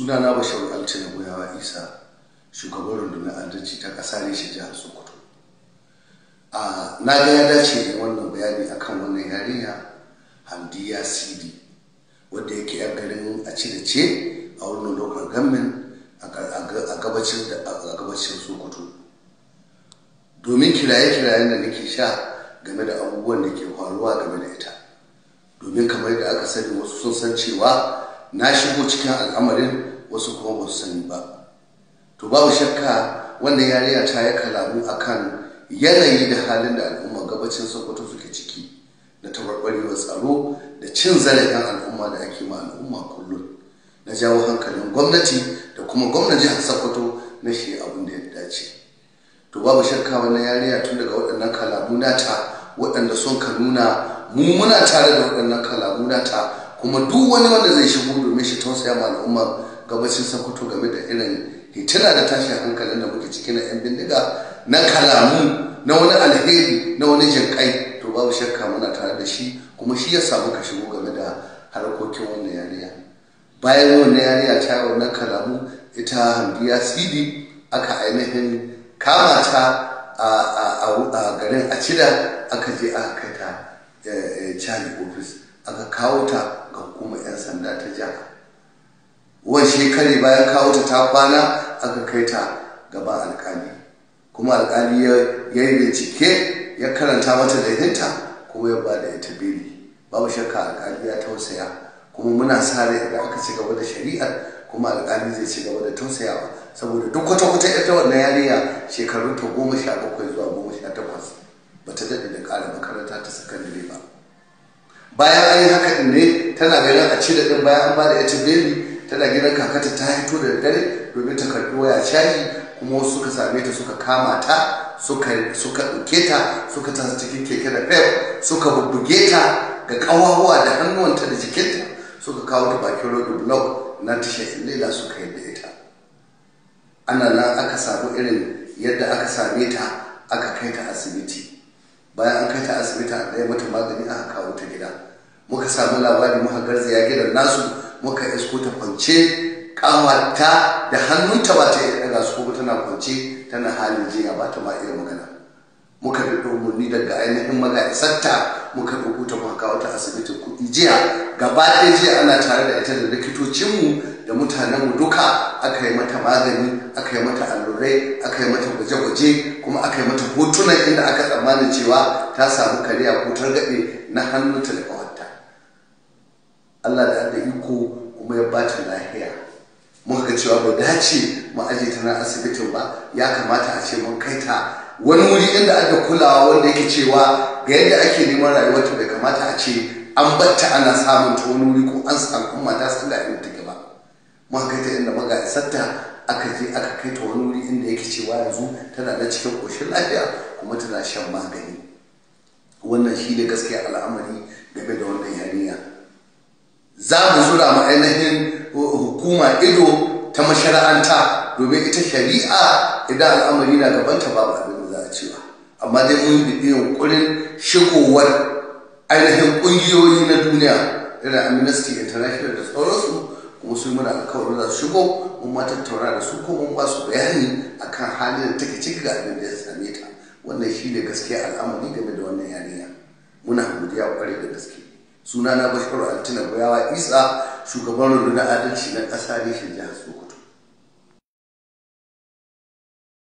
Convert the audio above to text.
sunana bashar alcina goyawa isa shugaban rundunar adalci ta kasa ne shi jihar sokoto a na ga ya dace da wannan bayani akan wannan yarinya hamdiya sidi wadda yake yan garin a cire ce a wannan local government a gabacin sokoto domin kiraye-kirayen da nake sha game da abubuwan da ke faruwa game da ita domin kamar da aka sani wasu sun san cewa na shigo cikin al'amarin wasu kuma ba su sani ba to babu shakka wannan yariya ta ya kalamu akan yanayi da halin da al'umma gabacin sokoto suke ciki da tabarbarewar tsaro da cin zarafin al'umma da ake ma al'umma kullum na jawo hankalin gwamnati da kuma gwamnan jihar sokoto na shi abin da ya dace to babu shakka wannan yariya tun daga waɗannan kalamu nata waɗanda sun ka nuna mu muna tare da waɗannan kalamu nata kuma duk wani wanda zai shigo domin shi tausaya ma al'umma gabashin sokoto game da irin hitina da tashin hankalin da muke ciki na yan bindiga na kalamu na wani alheri na wani jinkai to babu shakka muna tare da shi kuma shi ya samu ka shigo game da harkokin wannan yariya bayan wannan yariya ta yi wannan kalamu ita hangiya sidi aka ainihin kamata ta a garin a cida, aka je aka kai ta eh, eh, cari office. aka kawo ta ga hukumar 'yan sanda ta jiha wani shekari bayan kawo ta ta kwana aka kai ta gaba alkali kuma alkali ya yi bincike ya karanta mata daidaita, kuma ya da ita beli babu shakka alkali ya tausaya kuma muna sa rai idan aka ci gaba da shari'ar kuma alkali zai ci gaba da tausayawa saboda duk wata kwata ita wannan yarinya shekarun ta goma sha bakwai zuwa goma sha takwas bata daɗe da ƙara makaranta ta sakandare ba bayan ayi haka din ne tana ganin a cire din bayan an ba da ita beli tana gidan kakata ta hito da dare domin ta karbi waya shayi kuma wasu suka same ta suka kama ta suka ɗauke ta suka ta cikin keke da fef suka bubbuge ta ga ƙawawa da hannuwanta da jikinta suka kawo ta bakin road block na tashar lela suka yi da ita ana nan aka samu irin yadda aka same ta aka kai ta asibiti bayan an kai ta asibiti a ɗaya mata magani aka kawo muka samu labari muka garzaya gidan nasu muka isko ta kwance kawata da hannunta ba ta iya daga su kuma tana kwance tana halin jiya ba ta ma iya magana muka bi umarni daga ainihin magaisarta muka rubuta muka wata asibitin kuɗi jiya gaba ɗaya jiya ana tare da ita da likitocinmu da mutanenmu duka aka yi mata magani aka yi mata allurai aka yi mata gwaje-gwaje kuma aka yi mata hotunan inda aka tsammanin cewa ta samu kariya ko targaɗe na hannunta da ƙawarta Allah da da iko kuma ya bata lahiya mun ga cewa ba dace mu aje ta na asibitin ba ya kamata a ce mun kai ta wani wuri inda aka kulawa wanda yake cewa ga yadda ake neman rayuwarta bai kamata a ce an batta ana samun ta wani wuri ko an kuma ta san da inda take ba kai ta inda maga satta aka je aka kai ta wani wuri inda yake cewa yanzu tana da cikin koshin lafiya kuma tana shan magani wannan shi ne gaskiya al'amari game da wannan yari za mu zura ma ainihin hukuma ido ta mashara'anta domin ita shari'a idan al'amari na gaban ta, babu abin da za a cewa amma dai mun yi biɗi yunkurin shigowar ainihin ƙungiyoyi na duniya irin amnesty international da sauransu kuma sun muna alkawarin za su shigo mun ma tattauna da su kuma mun ba su bayani akan halin da take ciki ga abin da ya same ta wannan shi ne gaskiya al'amari game da wannan yarinya muna godiya kwarai da gaske sunana bashir altina bayawa isa shugaban rundunar adalci na ƙasa shi jihar sokoto